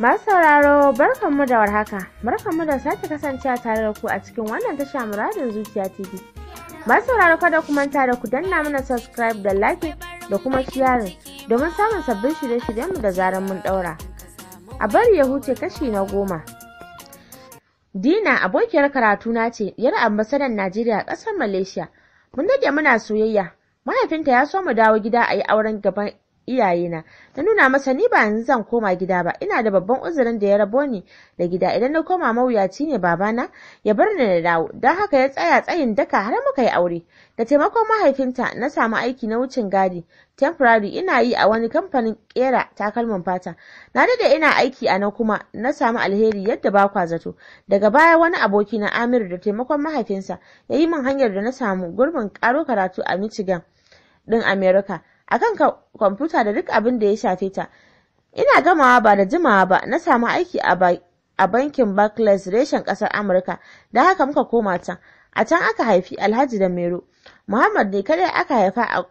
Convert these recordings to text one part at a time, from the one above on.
Masu sauraro barkanmu da warhaka, barkanmu da sake kasancewa tare da ku a cikin wannan tasha muradin zuciya TV. Masu sauraro kada ku manta da ku danna mana subscribe da like da kuma sharing domin samun sabbin shirye-shiryenmu da zarar mun daura. A bari ya huce kashi na goma. Dina abokiyar karatu na ce yar ambasadan Najeriya ƙasar Malaysia. Mun dade muna soyayya. Mahaifinta ya so mu dawo gida a yi auren gaban iyayena na nuna masa ni ba yanzu zan koma gida ba ina da babban uzurin da ya rabo ni da gida idan na koma mawuyaci ne babana ya bar ni na dawo don haka ya tsaya tsayin daka har muka yi aure da taimakon mahaifinta na samu aiki na wucin gadi temporary ina yi a wani kamfanin kera takalman fata na dade ina aiki a nan kuma na samu alheri yadda ba kwa zato daga baya wani aboki na Amir da taimakon mahaifinsa ya yi min hanyar da na samu gurbin karo karatu a Michigan din America akan kwamfuta da duk abin da ya shafe ta ina gamawa ba da jimawa ba na samu aiki a bankin Barclays reshen ƙasar Amurka da haka muka koma can a can aka haifi Alhaji da Mero Muhammad ne kadai aka haifa a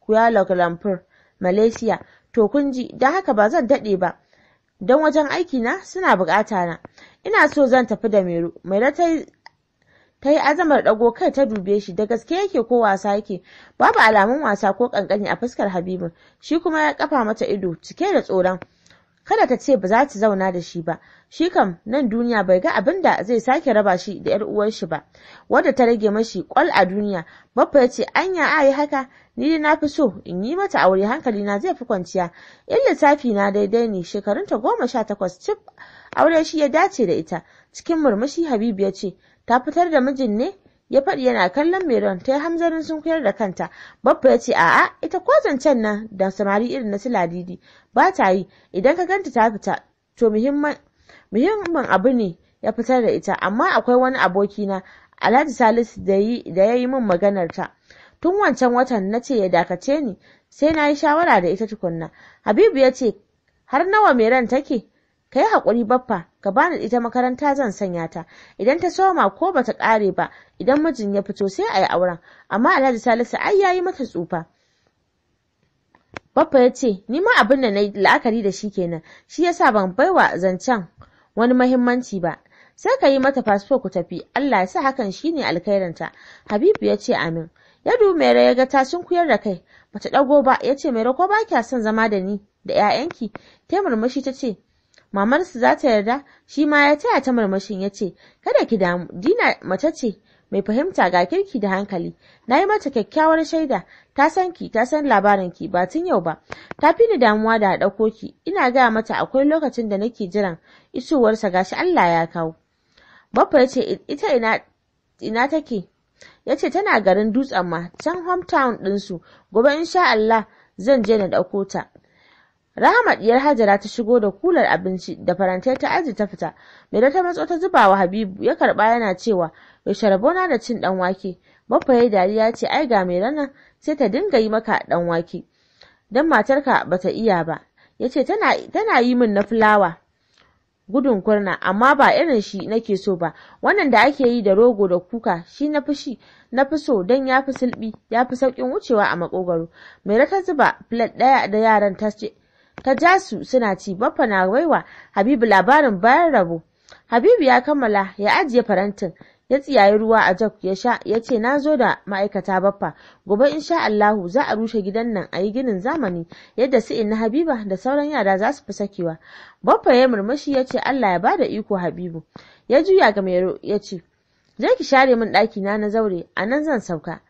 Kuala Lumpur Malaysia to kun ji haka ba zan daɗe ba don wajen aiki na suna bukata na ina so zan tafi da Mero mai ta yi azamar ɗago kai ta dube shi da gaske yake ko wasa yake babu alamun wasa ko kankani a fuskar habibin shi kuma ya kafa mata ido cike da tsoron kada ta ce ba za ta zauna da shi ba shi kam nan duniya bai ga abin da zai sake raba shi da yar uwar shi ba wadda ta rage mashi kwal a duniya babba ya ce anya a yi haka ni dai na fi so in yi mata aure hankali na zai fi kwanciya in lissafi na daidai ne shekarunta goma sha takwas cif aure shi ya dace da ita cikin murmushi habibu ya ce ta fitar da mijin ne ya faɗi yana kallon Meron ta yi hamzarin sun kuyar da kanta. Babba ya ce a'a ita ko zancen nan da samari irin na siladidi ba ta yi idan ka ganta ta fita to muhimman muhimmin abu ne ya fitar da ita amma akwai wani aboki na. Alhaji Salisu da ya yi min maganar ta. Tun wancan watan na ce ya dakace ni sai na yi shawara da ita tukunna. Habibu ya ce har nawa Meron take? ka yi haƙuri baffa ka bani ita makaranta zan sanya ta idan ta soma ko bata ƙare ba idan mijin ya fito sai a yi auren amma alhaji salisu ai ya yi mata tsufa Baffa ya ce, Ni ma abin da na yi la'akari da shi kenan, shi yasa ban bai wa zancen wani mahimmanci ba. Sai ka yi mata fasfo ku tafi, Allah ya sa hakan shi ne alkhairinta. Habibu ya ce amin. Ya dumere ya ga ta sunkuyar da kai, bata ɗago ba, ya ce Mere ko ba kya son zama da ni da ‘ya'yanki? Ta murmushi ta ce, mamarsu za ta yarda shi ma ya taya ta murmushin ya ce kada ki damu dina mace ce mai fahimta ga kirki da hankali na yi mata kyakkyawar shaida ta san ki ta san labarin ki ba tun yau ba ta fi ni damuwa da haɗauko ki ina gaya mata akwai lokacin da nake jiran isowarsa gashi Allah ya kawo Baffa ya ce ita ina ina take ya ce tana garin dutsen ma can hometown ɗinsu gobe insha Allah zan je na ɗauko ta Rahama diyar Hajara ta shigo da kular abinci da farantai ta aji ta fita. Mai ta matso ta zuba wa Habibu ya karba yana cewa yaushe rabona da cin dan wake. Baffa ya dariya ce ai ga mai rana, sai ta dinga yi maka dan wake. Dan matarka bata iya ba. Yace tana tana yi min na fulawa. Gudun kurna amma ba irin shi nake so ba. Wannan da ake yi da rogo da kuka shi na fushi na fi so dan ya fi sulbi ya fi saukin wucewa a makogaro. Mai ta zuba plate daya da yaran ta ce ta jasu suna ci baffa na waiwa Habibu labarin bayan rabo Habibu ya kammala ya ajiye farantin ya tsiyayi ruwa a jog ya sha ya ce na zo da ma'aikata baffa gobe in sha Allahu za a rushe gidan nan a yi ginin zamani yadda su inna Habiba da sauran yara za su fi sakewa baffa ya murmushi ya ce Allah ya bada iko Habibu ya juya ga Mero ya ce zai ki share min ɗaki na na zaure a nan zan sauka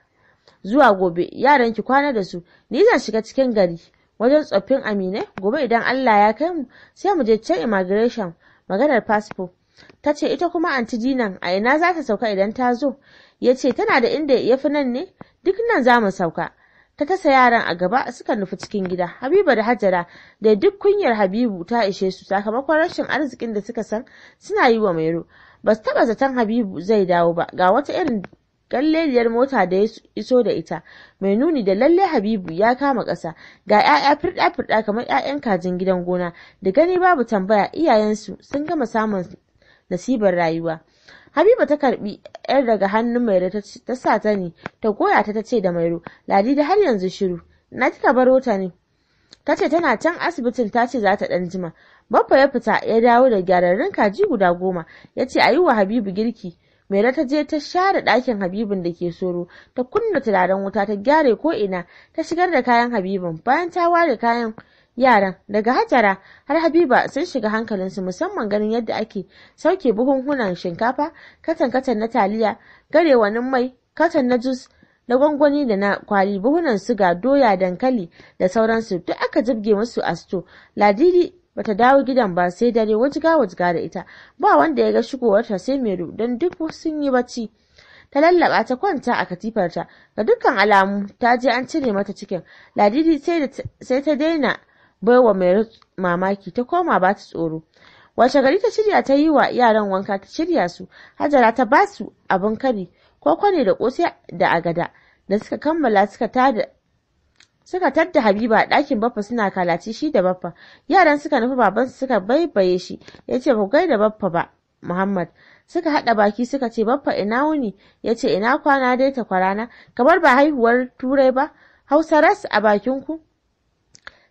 zuwa gobe yaran ki kwana da su ni zan shiga cikin gari wajen tsoffin aminai gobe idan Allah ya kai mu sai mu je can immigration maganar fasfo ta ce ita kuma anti dinan a ina za ta sauka idan ta zo ya ce tana da inda ya fi nan ne duk nan za mu sauka ta tasa yaran a gaba suka nufi cikin gida habiba da hajara da duk kunyar habibu ta ishe su sakamakon rashin arzikin da suka san suna yi wa mairo ba su taba zaton habibu zai dawo ba ga wata irin kyalleliyar mota da ya iso da ita mai nuni da lalle habibu ya kama ƙasa ga 'ya'ya firɗa firɗa kamar 'ya'yan kajin gidan gona da gani babu tambaya iyayensu sun gama samun nasibar rayuwa habiba ta karbi yar daga hannun mairo ta sa ta ne ta goya ta ta ce da mairo da har yanzu shiru na kika baro ta ne ta ce tana can asibitin ta ce za ta ɗan jima Baffa ya fita ya dawo da gyararrun kaji guda goma ya ce a yi wa Habibu girki Mera ta je ta share ɗakin habibin da ke soro, ta kunna turaren wuta ta gyare ko ina, ta shigar da kayan habibin bayan ta ware kayan yaran daga hajara har habiba sun shiga hankalinsu musamman ganin yadda ake sauke buhunhunan shinkafa katan-katan na taliya garewanin mai katan na jus na gwangwani da na kwali buhunan suga doya dankali da sauransu duk aka jibge musu a ladidi bata dawo gidan ba sai dare wajiga wajiga da ita ba wanda ya ga shigowarta sai meru don duk sun yi bacci ta lallaba ta kwanta a katifarta ga dukkan alamu ta je an cire mata cikin ladidi sai ta daina baiwa mai mamaki ta koma ba ta tsoro wace gari ta shirya ta yi wa yaran wanka ta shirya su hajara ta basu su abin kari ko kwane da kosai da agada da suka kammala suka tada suka tadda Habiba a ɗakin Baffa suna kalaci shi da Baffa. Yaran suka nufi baban suka baibaye shi, ya ce ba gaida Baffa ba, Muhammad. Suka haɗa baki suka ce Baffa ina wuni, ya ce ina kwana dai ta kwarana, kamar ba haihuwar Turai ba, Hausa ras a bakin ku.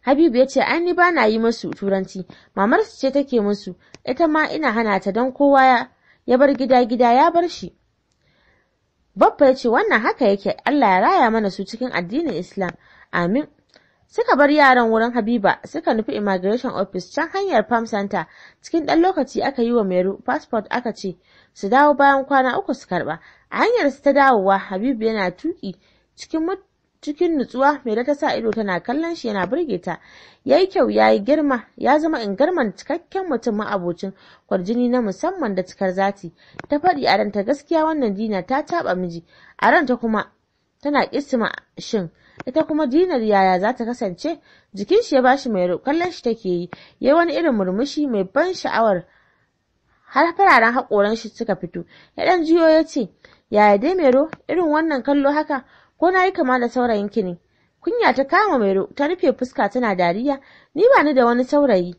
Habibu ya ce an ni ba na yi musu turanci, mamarsu ce take musu, ita ma ina hana ta don kowa ya bar gida gida ya bar shi. Baffa ya ce wannan haka yake Allah ya raya mana su cikin addinin Islam. Amin. Suka bar yaran wurin Habiba suka nufi immigration office can hanyar farm center cikin ɗan lokaci aka yi wa Meru passport aka ce su dawo bayan kwana uku su karɓa. A hanyar su ta dawowa Habibu yana tuki cikin cikin nutsuwa mai ta sa ido tana kallon shi yana burge ta. yi kyau ya yi girma ya zama ingarman cikakken mutum ma'abocin kwarjini na musamman da cikar zati. Ta faɗi a ranta gaskiya wannan dina ta taɓa miji a ranta kuma tana kisima shin ita kuma dinar yaya za ta kasance jikin shi ya bashi mai kallon shi take yi ya wani irin murmushi mai ban sha'awar har fararen haƙoran shi suka fito ya ɗan jiyo ya ce yaya dai mero irin wannan kallo haka ko na yi kama da saurayin ki ne kunya ta kama mero ta rufe fuska tana dariya ni ba ni da wani saurayi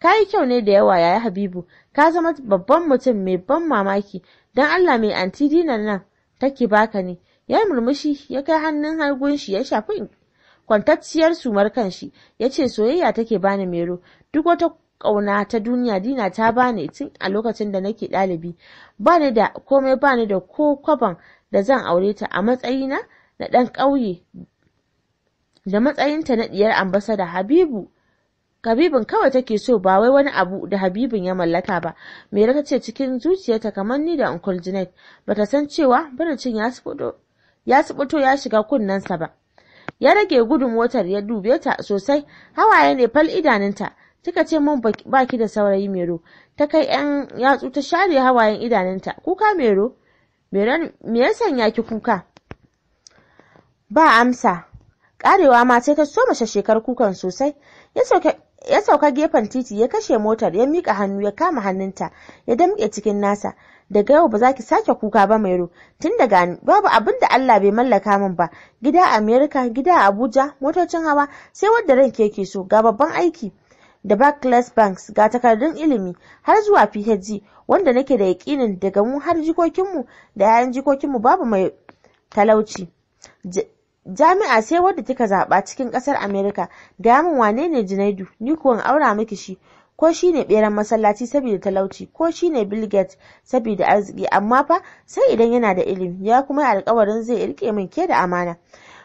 ka yi kyau ne da yawa yaya habibu ka zama babban mutum mai ban mamaki don allah mai anti dinar nan take baka ne Ya yi murmushi ya kai hannun hargun shi ya shafi kwantacciyar sumar kanshi ya ce soyayya take bani mero duk wata ƙauna ta duniya dina ta bani tun a lokacin da nake ɗalibi bani da komai bani da ko kwaban da zan aure ta a matsayina na ɗan ƙauye da matsayinta na ɗiyar ambasada habibu Habibin kawai take so ba wai wani abu da Habibin ya mallaka ba. Mera ta ce cikin zuciyarta kamar ni da Uncle Janet bata san cewa Barcin ya fito ya subuto ya shiga kunnen sa ba ya rage gudun motar ya dube ta sosai hawaye ne fal idanunta kika ce mun baki da saurayi mero ta kai yan yatsu ta share hawayen idanunta kuka mero mero me ya sanya ki kuka ba amsa ƙarewa ma sai ta soma shashekar kukan sosai ya sauka gefen titi ya kashe motar ya miƙa hannu ya kama hannunta ya damƙe cikin nasa daga yau ba za ki sake kuka ba mairo tun daga ni babu abin da Allah bai mallaka min ba gida a America gida a Abuja motocin hawa sai wadda ranki yake so ga babban aiki da Barclays Banks ga takardun ilimi har zuwa PhD wanda nake da yakinin daga mu har jikokin mu da yayan jikokin mu babu mai talauci jami'a sai wadda kika zaba cikin kasar America ga min wane ne Junaidu ni kuwan aura miki shi ko shine beran masallaci saboda talauci ko shine Bill Gates saboda arziki amma fa sai idan yana da ilimi ya kuma yi alkawarin zai rike min ke da amana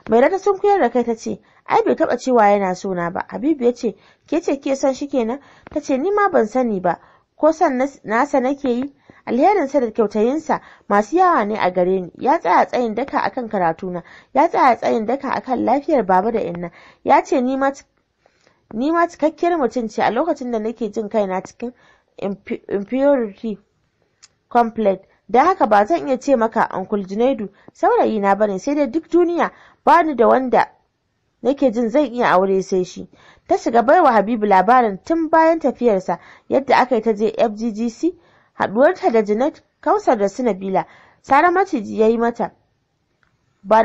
Mai rata sun kuyar da kai ta ce ai bai taba cewa yana suna ba Habibu ya ce ke ce ke son shi kenan ta ce ni ma ban sani ba ko san nasa nake yi alherinsa da kyautayinsa masu yawa ne a gare ni ya tsaya tsayin daka akan karatuna ya tsaya tsayin daka akan lafiyar baba da inna ya ce ni ma Ni ma cikakkiyar mutum ce a lokacin da nake jin kaina cikin inferiority complex don haka ba zan iya ce maka Uncle Junaidu saurayina bane sai dai duk duniya ba ni da wanda nake jin zan iya aure sai shi. Ta shiga baiwa Habibu labarin tun bayan tafiyarsa yadda aka yi ta je FGGC haɗuwarta da Janet Kausar da su Nabila Sara maciji ya yi mata ba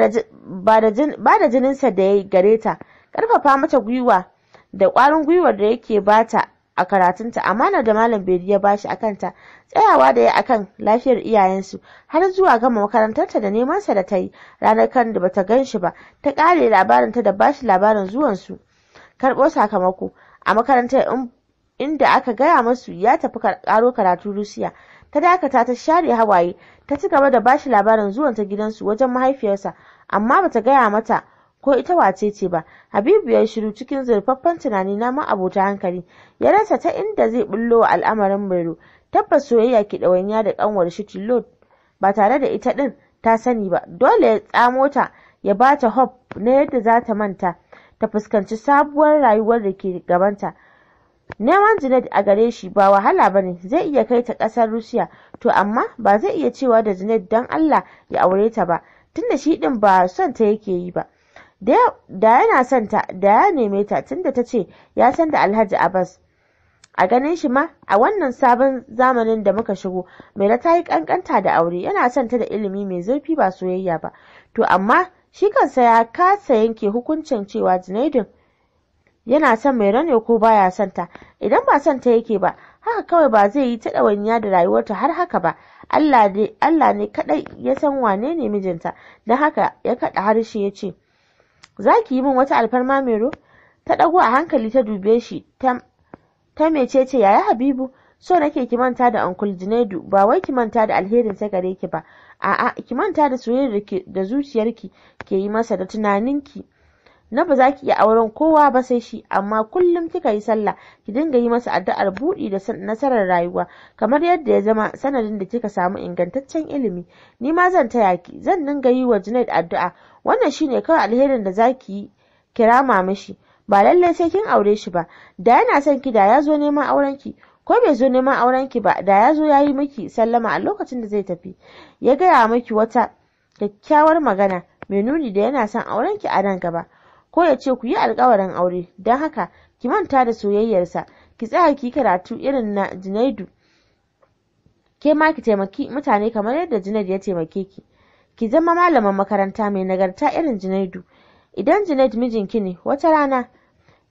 da jininsa da ya gare ta ƙarfafa mata gwiwa da ƙwarin gwiwar da yake bata a karatunta amana da malam Bedi ya bashi a kanta tsayawa da ya akan lafiyar iyayensu har zuwa gama makarantarta da neman sa da ta yi ranar kan da bata gan shi ba ta kare labarin ta da bashi labarin zuwan su karɓo sakamako a makarantar inda aka gaya masu ya tafi karo karatu Rusiya ta dakata ta share hawaye ta ci gaba da bashi labarin zuwan ta gidansu wajen mahaifiyarsa amma bata gaya mata ko ita wace ce ba habibu ya shiru cikin zurfaffan tunani na ma hankali ya rasa ta inda zai bullo wa al'amarin mairo tabbas soyayya ke ɗawanya da ƙanwar shi tilo ba tare da ita ɗin ta sani ba dole ya tsamo ta ya ba ta hop na yadda za ta manta ta fuskanci sabuwar rayuwar da ke gabanta neman Junaid a gare shi ba wahala ba ne zai iya kai ta ƙasar Rusiya to amma ba zai iya cewa da Junaid don Allah ya aure ta ba tunda shi ɗin ba son ta yake yi ba da yana son ta da ya neme ta tunda ta ce ya san da Alhaji Abbas a ganin shi ma a wannan sabon zamanin da muka shigo mai ta yi kankanta da aure yana son ta da ilimi mai zurfi ba soyayya ba to amma shi kansa ya kasa yanke hukuncin cewa Junaidin yana son mai ne ko baya son ta idan ba son ta yake ba haka kawai ba zai yi ta ɗawainiya da rayuwarta har haka ba Allah ne kaɗai ya san wane ne mijinta don haka ya kaɗa harshe ya ce za ki yi min wata alfarma ro ta ɗago a hankali ta dube shi ta ce, yaya habibu so nake ki manta da uncle junaidu ba wai ki manta da alherin sa gare ki ba a'a ki manta da soyayyar da zuciyarki ke yi masa da tunaninki na ba za ki iya auren kowa ba sai shi amma kullum kika yi sallah ki dinga yi masa addu'ar buɗi da nasarar rayuwa kamar yadda ya zama sanadin da kika samu ingantaccen ilimi ni ma zan taya ki zan dinga yi wa Junaid addu'a wannan shine kawai alherin da za ki kirama shi. ba lallai sai kin aure shi ba da yana son ki da ya zo neman auren ki ko bai zo neman auren ki ba da ya zo ya yi miki sallama a lokacin da zai tafi ya gaya miki wata kyakkyawar magana mai nuni da yana son auren ki a nan gaba ko ya ce ku yi alkawarin aure don haka ki manta da soyayyarsa ki tsaya ki karatu irin na Junaidu ke ma ki taimaki mutane kamar yadda Junaid ya taimake ki ki zama malamin makaranta mai nagarta irin Junaidu idan Junaid mijinki ne wata rana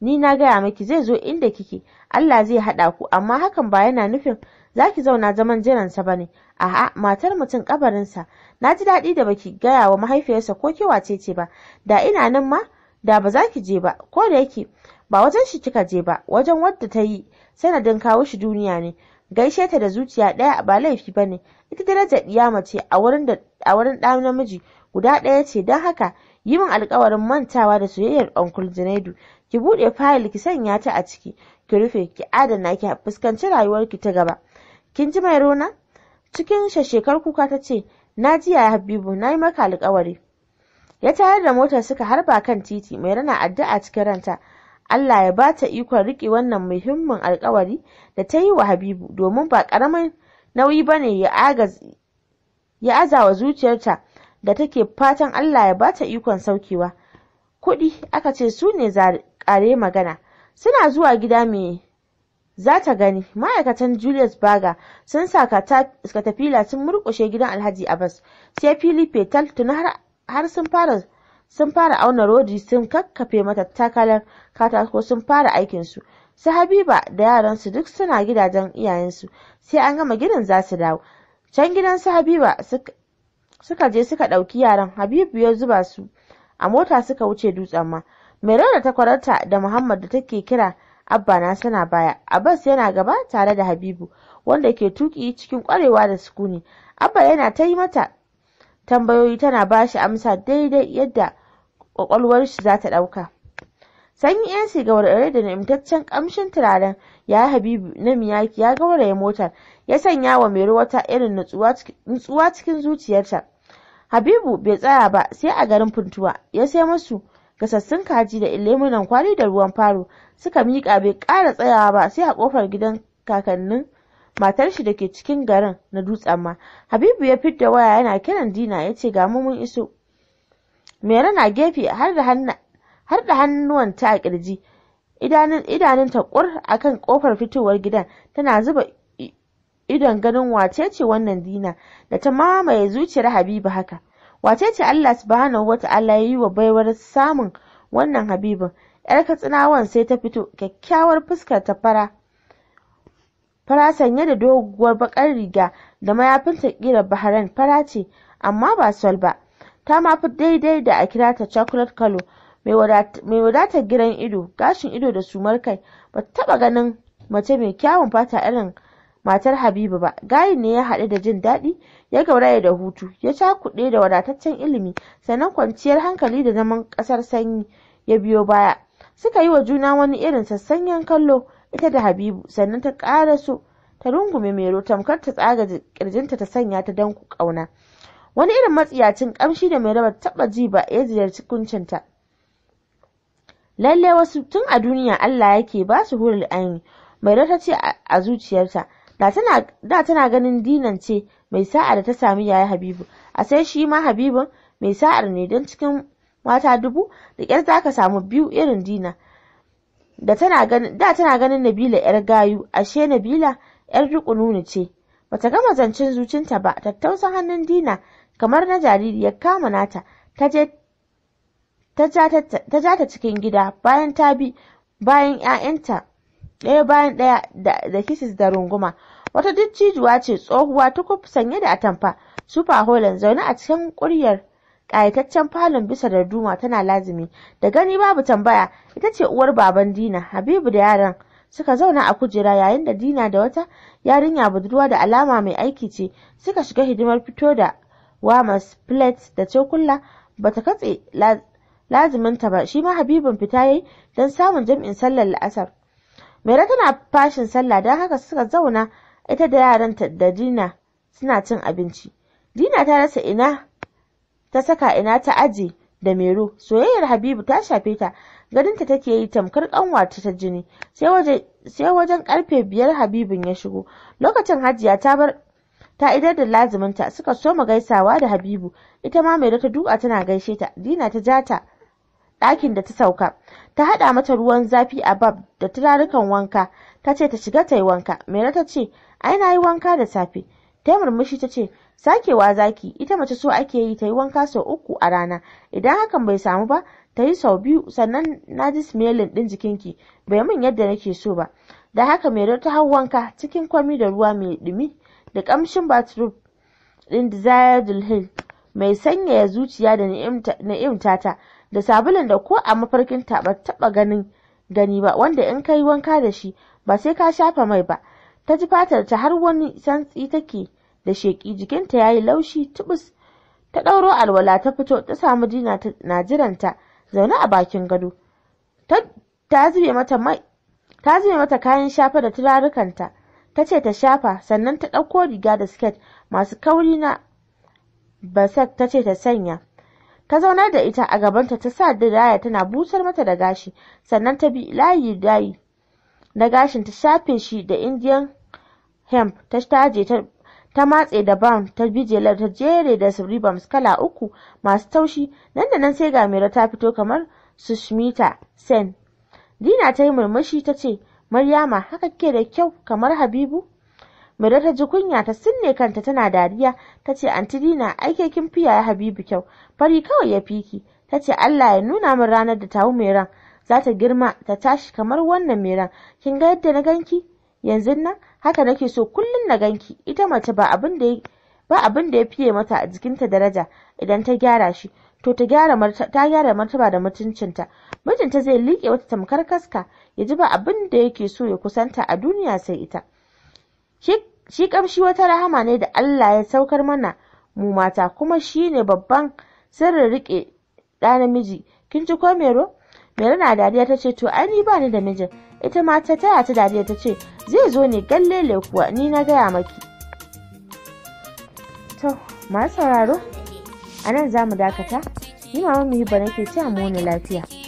ni na gaya miki zai zo inda kike Allah zai haɗa ku amma hakan ba yana nufin za ki zauna zaman jiransa ba ne a'a matar mutum kabarinsa na ji daɗi da baki gaya wa mahaifiyarsa ko wace ce ba da ina nan ma da ba za ki je ba ko da yake ba wajen shi kika je ba wajen wadda ta yi sanadin kawo shi duniya ne gaishe ta da zuciya ɗaya ba laifi ba ne ita daraja ɗiya mace a wurin ɗa namiji guda ɗaya ce don haka yi min alkawarin mantawa da soyayyar onkul janaidu ki buɗe fayil ki sanya ta a ciki ki rufe ki adana ki fuskanci rayuwarki ta gaba kin ji mai rona cikin shashekar kuka ta ce na ji ya habibu na yi maka alkawari ya tayar da motar suka harba kan titi mai rana addu'a cikin ranta Allah ya ba ta ikon riƙe wannan muhimmin alƙawari da ta yi wa Habibu domin ba ƙaramin nauyi ba ne ya aza wa zuciyarta da take fatan Allah ya ba ta ikon saukewa. Kuɗi aka ce su ne ƙare magana. Suna zuwa gida mai za ta gani ma'aikatan Julius Baga sun saka tafi sun murƙushe gidan Alhaji Abbas sai Fili Petal tuna har har sun fara sun fara auna rodi sun kakkafe mata takalan katako sun fara aikin su su Habiba da yaransu duk suna gidajen iyayensu sai an gama gidan za su dawo can gidan su Habiba suka je suka ɗauki yaran Habibu ya zuba su a mota suka wuce dutsen ma mai da takwararta da Muhammad da take kira Abba na suna baya Abbas yana gaba tare da Habibu wanda ke tuki cikin kwarewa da sukuni Abba yana ta yi mata tambayoyi tana ba shi amsa daidai yadda kwakwalwar shi za ta ɗauka. Sanyi sigawar gaurare da nemtaccen kamshin turaren ya Habibu na Miyaki ya gauraye motar ya sanya wa Meru wata irin nutsuwa cikin zuciyarta. Habibu bai tsaya ba sai a garin Funtuwa ya sai musu gasassun kaji da lemunan kwari da ruwan faro suka miƙa bai ƙara tsayawa ba sai a ƙofar gidan kakannin matar shi da ke cikin garin na dutsen ma habibu ya fidda waya yana kiran dina ya ce ga mu mun iso mere na gefe har da hannuwanta a kirji idanun ta kur kan kofar fitowar gidan tana zuba idon ganin wace ce wannan dina da ta mamaye zuciyar habibu haka wace ce allah subhanahu wata'ala ya yi wa baiwar samun wannan habibin yar katsinawan sai ta fito kyakkyawar fuskar ta fara fara sanye da doguwar bakar riga da mayafinta ƙirar Bahrain fara ce amma ba sol ba ta ma fi daidai da a kira ta chocolate color mai wadata giran ido gashin ido da sumar kai ba taba ganin mace mai kyawun fata irin matar Habibu ba gayin ne ya haɗu da jin daɗi ya gauraya da hutu ya cakuɗe da wadataccen ilimi sannan kwanciyar hankali da zaman ƙasar sanyi ya biyo baya suka yi wa juna wani irin sassanyen kallo ita da Habibu sannan ta ƙara so ta rungume Mero tamkar ta tsaga kirjinta ta sanya ta ku ƙauna. Wani irin matsiyacin kamshi da Mero bata taba ji ba ya ziyarci kuncinta. Lalle wasu tun a duniya Allah yake ba su hurul aini. Mero ta ce a zuciyarta da tana ganin dinan ce mai sa'a da ta sami yayi Habibu. A sai shi ma Habibu mai sa'ar ne don cikin mata dubu da ƙyar za ka samu biyu irin dina. da tana ganin da tana ganin Nabila yar gayu ashe Nabila yar dukununu ce bata gama zancen zucinta ba tattausan hannun Dina kamar na jariri ya kama nata ta je ta ja ta cikin gida bayan ta bi bayan 'ya'yanta ɗaya bayan ɗaya da kisis da runguma wata duk cijuwa ce tsohuwa tukub sanye da atamfa Super holan zaune a cikin ƙuryar ƙayataccen falon bisa da duma tana lazimi da gani babu tambaya ita ce uwar baban dina habibu da yaran suka zauna a kujera yayin da dina da wata yarinya budurwa da alama mai aiki ce suka shiga hidimar fito da wamas plate da cokula bata katse laziminta ba shi ma habibin fita yayi don samun jam'in sallar la'asar Maira tana fashin sallah don haka suka zauna ita da yaran ta da Dina suna cin abinci. Dina ta rasa ina ta saka ina ta aje da Meru soyayyar Habibu ta shafe ta ganinta take yi tamkar kanwata ta jini sai wajen karfe biyar Habibun ya shigo lokacin Hajiya ta bar ta idar da laziminta suka so mu gaisawa da Habibu ita ma mai ta duka tana gaishe ta Dina ta jata ɗakin da ta sauka ta haɗa mata ruwan zafi a bab da turarukan wanka ta ce ta shiga ta yi wanka mai ta ce ai na yi wanka da safe ta murmushi ta ce sakewa zaki ita mace so ake yi ta yi wanka sau uku a rana idan hakan bai samu ba ta yi sau biyu sannan na ji smelin ɗin jikinki bai min yadda nake so ba da haka mai ta hau wanka cikin kwami da ruwa mai ɗumi da ƙamshin bathroom ɗin desire hill mai sanyaya zuciya da ni'imta ta da sabulun da ko a mafarkin taɓa taɓa ganin gani ba wanda in ka yi wanka da shi ba sai ka shafa mai ba ta ji fatar ta har wani santsi take da sheƙi jikinta ya yi laushi tubus ta ɗauro alwala ta fito ta samu dina na jiranta zaune a bakin gado ta zube mata kayan shafa da turarukanta ta ce ta shafa sannan ta ɗauko riga da siket masu kauri na basak ta ce ta sanya ta zaunar da ita a gabanta ta sa diraya tana busar mata da gashi sannan ta bi layi dayi na gashin ta shafe shi da indian hemp ta taje ta ta matse da bam ta bijelar ta jere da ribams kala uku masu taushi nan da nan sai ga gamira ta fito kamar sushmita sen dina ta yi murmushi ta ce maryama haka ke da kyau kamar habibu mira ta ji kunya ta sinne kanta tana dariya ta ce anti dina aike kin fiya ya habibu kyau fari kawai ya fiki ta ce allah ya nuna min ranar da tawu mai ran za ta girma ta tashi kamar wannan mai kin ga yadda na ganki yanzu nan haka nake so kullum na ganki ita mace ba abin da ba abin da ya fiye mata a jikinta daraja idan ta gyara shi to ta gyara ta gyara martaba da mutuncinta mijinta zai liƙe wata tamkar kaska ya ji ba abin da yake so ya kusanta a duniya sai ita shi kamshi wata rahama ne da Allah ya saukar mana mu mata kuma shi ne babban sirrin rike ɗa namiji kin ji ko mero mero na dariya tace to ai ni ba ni da mijin ita ma ta taya ta dariya ta ce zai zo ne galle kuwa ni na gaya maki to ma sauraro a nan za mu dakata ni ma mu yi ke ce mu wani lafiya